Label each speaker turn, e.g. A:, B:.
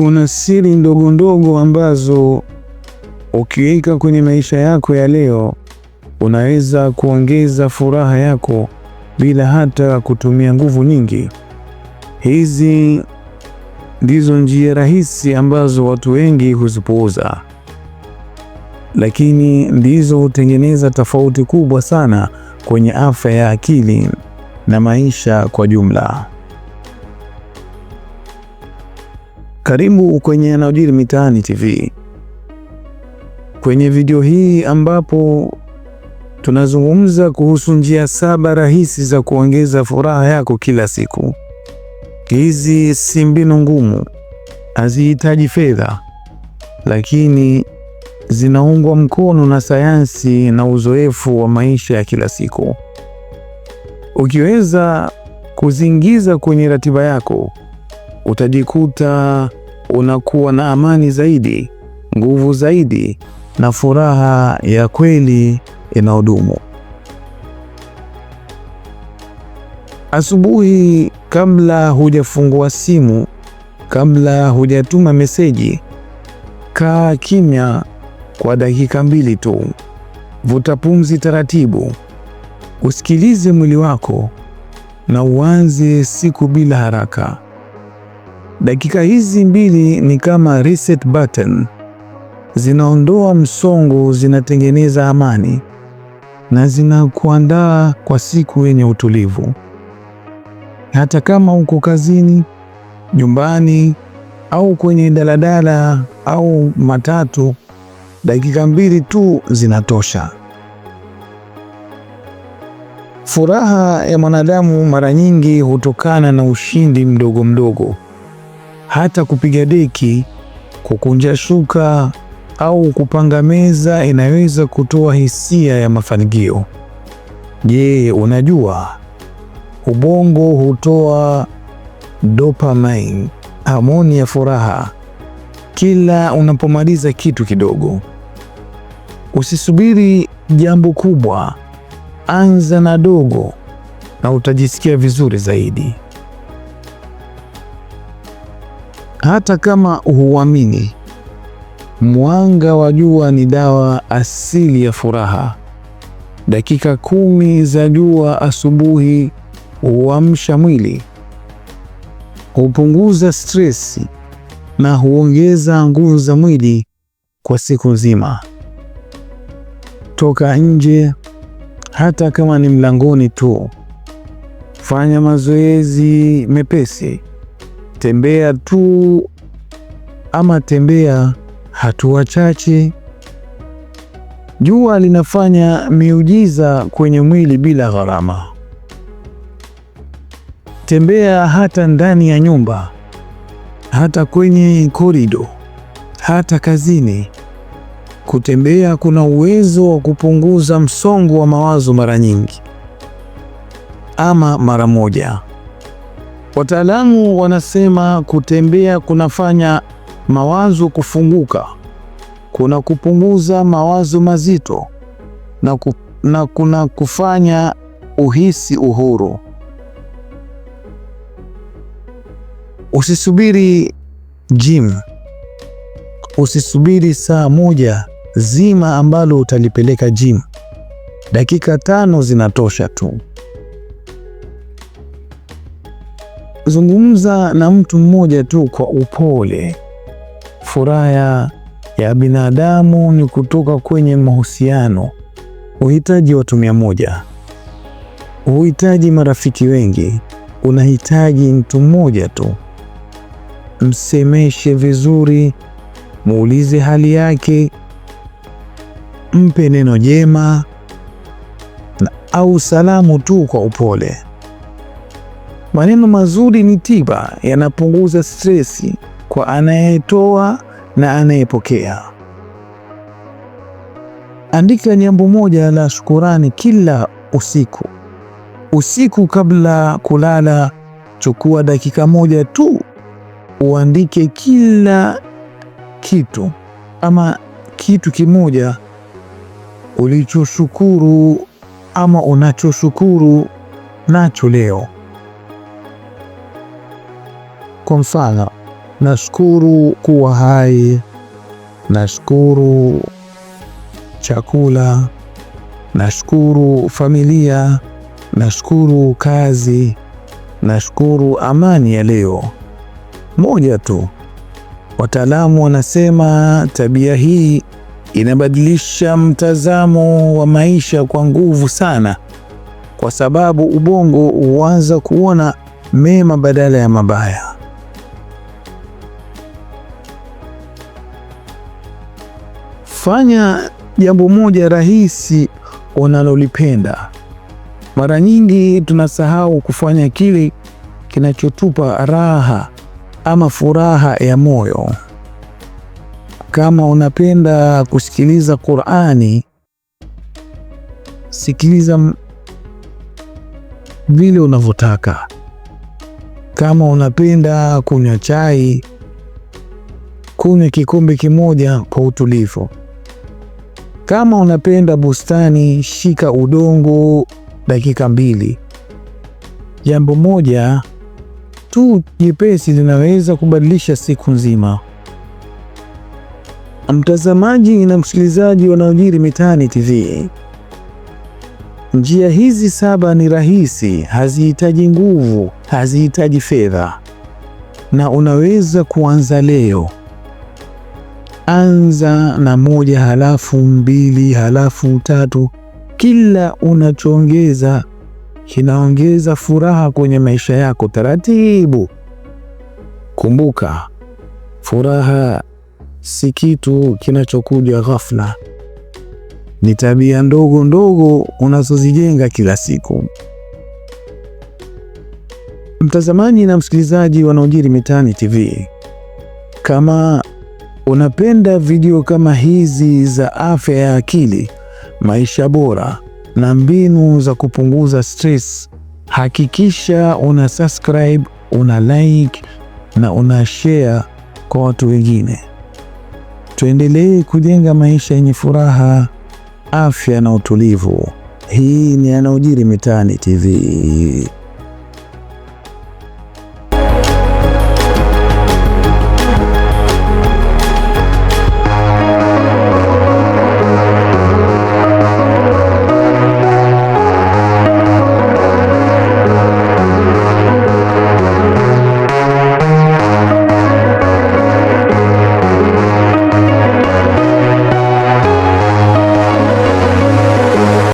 A: kuna siri ndogo ndogo ambazo ukiweka kwenye maisha yako ya leo unaweza kuongeza furaha yako bila hata kutumia nguvu nyingi. Hizi ndizo njia rahisi ambazo watu wengi huzipuuza, lakini ndizo hutengeneza tofauti kubwa sana kwenye afya ya akili na maisha kwa jumla. Karibu kwenye yanayojiri mitaani TV, kwenye video hii ambapo tunazungumza kuhusu njia saba rahisi za kuongeza furaha yako kila siku. Hizi si mbinu ngumu, hazihitaji fedha, lakini zinaungwa mkono na sayansi na uzoefu wa maisha ya kila siku. Ukiweza kuzingiza kwenye ratiba yako utajikuta unakuwa na amani zaidi, nguvu zaidi na furaha ya kweli inayodumu. Asubuhi, kabla hujafungua simu, kabla hujatuma meseji, kaa kimya kwa dakika mbili tu. Vuta pumzi taratibu, usikilize mwili wako na uanze siku bila haraka. Dakika hizi mbili ni kama reset button, zinaondoa msongo, zinatengeneza amani na zinakuandaa kwa siku yenye utulivu. Hata kama uko kazini, nyumbani, au kwenye daladala au matatu, dakika mbili tu zinatosha. Furaha ya mwanadamu mara nyingi hutokana na ushindi mdogo mdogo hata kupiga deki, kukunja shuka au kupanga meza inaweza kutoa hisia ya mafanikio. Je, unajua ubongo hutoa dopamine, homoni ya furaha, kila unapomaliza kitu kidogo? Usisubiri jambo kubwa, anza na dogo na utajisikia vizuri zaidi. Hata kama huamini, mwanga wa jua ni dawa asili ya furaha. Dakika kumi za jua asubuhi huamsha mwili, hupunguza stresi na huongeza nguvu za mwili kwa siku nzima. Toka nje, hata kama ni mlangoni tu. Fanya mazoezi mepesi, tembea tu ama tembea hatua chache. Jua linafanya miujiza kwenye mwili bila gharama. Tembea hata ndani ya nyumba, hata kwenye korido, hata kazini. Kutembea kuna uwezo wa kupunguza msongo wa mawazo mara nyingi ama mara moja. Wataalamu wanasema kutembea kunafanya mawazo kufunguka, kuna kupunguza mawazo mazito na, ku, na kuna kufanya uhisi uhuru. Usisubiri gym, usisubiri saa moja zima ambalo utalipeleka gym. Dakika tano zinatosha tu. zungumza na mtu mmoja tu kwa upole. Furaha ya binadamu ni kutoka kwenye mahusiano. Uhitaji watu mia moja, uhitaji marafiki wengi, unahitaji mtu mmoja tu. Msemeshe vizuri, muulize hali yake, mpe neno jema na au salamu tu kwa upole. Maneno mazuri ni tiba, yanapunguza stresi kwa anayetoa na anayepokea. Andika jambo moja la shukurani kila usiku. Usiku kabla kulala, chukua dakika moja tu uandike kila kitu ama kitu kimoja ulichoshukuru ama unachoshukuru nacho leo. Kwa mfano, nashukuru kuwa hai, nashukuru chakula, nashukuru familia, nashukuru kazi, nashukuru amani ya leo. Moja tu. Wataalamu wanasema tabia hii inabadilisha mtazamo wa maisha kwa nguvu sana, kwa sababu ubongo huanza kuona mema badala ya mabaya. fanya jambo moja rahisi unalolipenda. Mara nyingi tunasahau kufanya kile kinachotupa raha ama furaha ya moyo. Kama unapenda kusikiliza Qur'ani, sikiliza vile unavyotaka. Kama unapenda kunywa chai, kunywa kikombe kimoja kwa utulivu. Kama unapenda bustani, shika udongo dakika mbili. Jambo moja tu jepesi linaweza kubadilisha siku nzima. Mtazamaji na msikilizaji yanayojiri mitaani TV, njia hizi saba ni rahisi, hazihitaji nguvu, hazihitaji fedha na unaweza kuanza leo. Anza na moja, halafu mbili, halafu tatu. Kila unachoongeza kinaongeza furaha kwenye maisha yako taratibu. Kumbuka, furaha si kitu kinachokuja ghafla, ni tabia ndogo ndogo unazozijenga kila siku. Mtazamaji na msikilizaji wanaojiri mitaani TV, kama unapenda video kama hizi za afya ya akili, maisha bora na mbinu za kupunguza stress, hakikisha una subscribe, una like na una share kwa watu wengine. Tuendelee kujenga maisha yenye furaha, afya na utulivu. Hii ni yanayojiri mitaani TV.